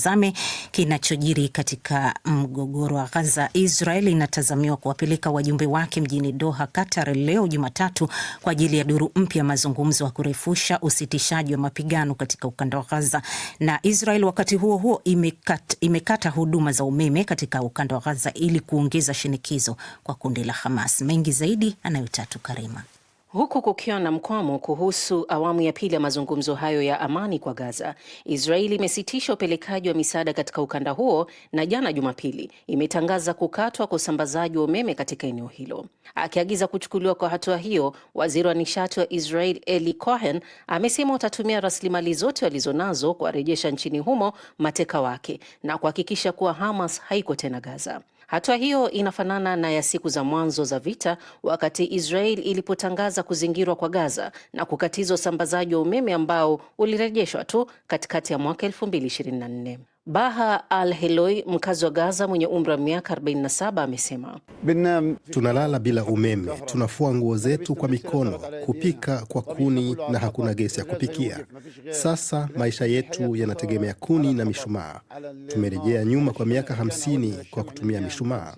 Tazame kinachojiri katika mgogoro wa Gaza. Israel inatazamiwa kuwapeleka wajumbe wake mjini Doha, Qatar leo Jumatatu kwa ajili ya duru mpya mazungumzo ya kurefusha usitishaji wa mapigano katika ukanda wa Gaza. Na Israel wakati huo huo imekata, imekata huduma za umeme katika ukanda wa Gaza ili kuongeza shinikizo kwa kundi la Hamas. Mengi zaidi anayotatu Karima. Huku kukiwa na mkwamo kuhusu awamu ya pili ya mazungumzo hayo ya amani kwa Gaza, Israeli imesitisha upelekaji wa misaada katika ukanda huo na jana Jumapili imetangaza kukatwa kwa usambazaji wa umeme katika eneo hilo. Akiagiza kuchukuliwa kwa hatua hiyo, waziri wa nishati wa Israel Eli Cohen amesema watatumia rasilimali zote walizonazo kuwarejesha nchini humo mateka wake na kuhakikisha kuwa Hamas haiko tena Gaza. Hatua hiyo inafanana na ya siku za mwanzo za vita wakati Israel ilipotangaza kuanza kuzingirwa kwa Gaza na kukatizwa usambazaji wa umeme ambao ulirejeshwa tu katikati ya mwaka 2024. Baha Al Heloi, mkazi wa Gaza mwenye umri wa miaka 47, amesema tunalala bila umeme, tunafua nguo zetu kwa mikono, kupika kwa kuni na hakuna gesi ya kupikia. Sasa maisha yetu yanategemea kuni na mishumaa. Tumerejea nyuma kwa miaka 50 kwa kutumia mishumaa.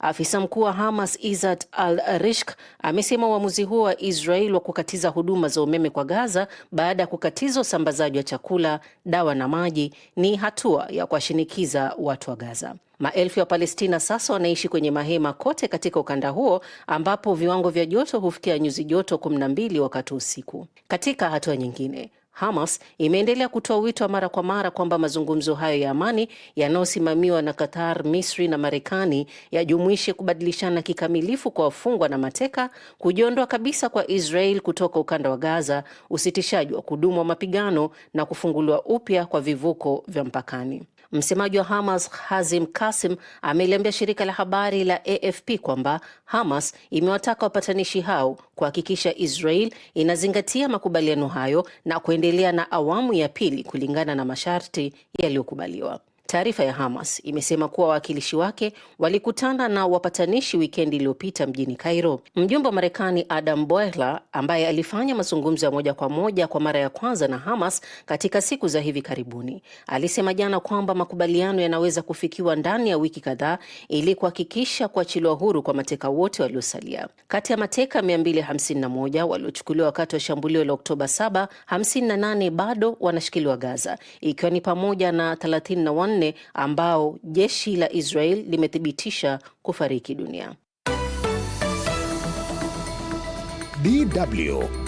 Afisa mkuu wa Hamas izat al rishk amesema uamuzi huo wa Israel wa kukatiza huduma za umeme kwa Gaza baada ya kukatiza usambazaji wa chakula da dawa na maji ni hatua ya kuwashinikiza watu wa Gaza. Maelfu ya Palestina sasa wanaishi kwenye mahema kote katika ukanda huo ambapo viwango vya joto hufikia nyuzi joto 12 wakati usiku. Katika hatua nyingine Hamas imeendelea kutoa wito wa mara kwa mara kwamba mazungumzo hayo ya amani yanayosimamiwa na Qatar, Misri na Marekani yajumuishe kubadilishana kikamilifu kwa wafungwa na mateka, kujiondoa kabisa kwa Israel kutoka ukanda wa Gaza, usitishaji wa kudumu wa mapigano na kufunguliwa upya kwa vivuko vya mpakani. Msemaji wa Hamas Hazim Kasim ameliambia shirika la habari la AFP kwamba Hamas imewataka wapatanishi hao kuhakikisha Israel inazingatia makubaliano hayo na kuendelea na awamu ya pili kulingana na masharti yaliyokubaliwa. Taarifa ya Hamas imesema kuwa wawakilishi wake walikutana na wapatanishi wikendi iliyopita mjini Cairo. Mjumbe wa Marekani Adam Boehler, ambaye alifanya mazungumzo ya moja kwa moja kwa mara ya kwanza na Hamas katika siku za hivi karibuni, alisema jana kwamba makubaliano yanaweza kufikiwa ndani ya wiki kadhaa ili kuhakikisha kuachiliwa huru kwa mateka wote waliosalia. Kati ya mateka 251 waliochukuliwa wakati wa shambulio la Oktoba 7, 58 bado wanashikiliwa Gaza, ikiwa ni pamoja na 34 wengine ambao jeshi la Israel limethibitisha kufariki dunia. DW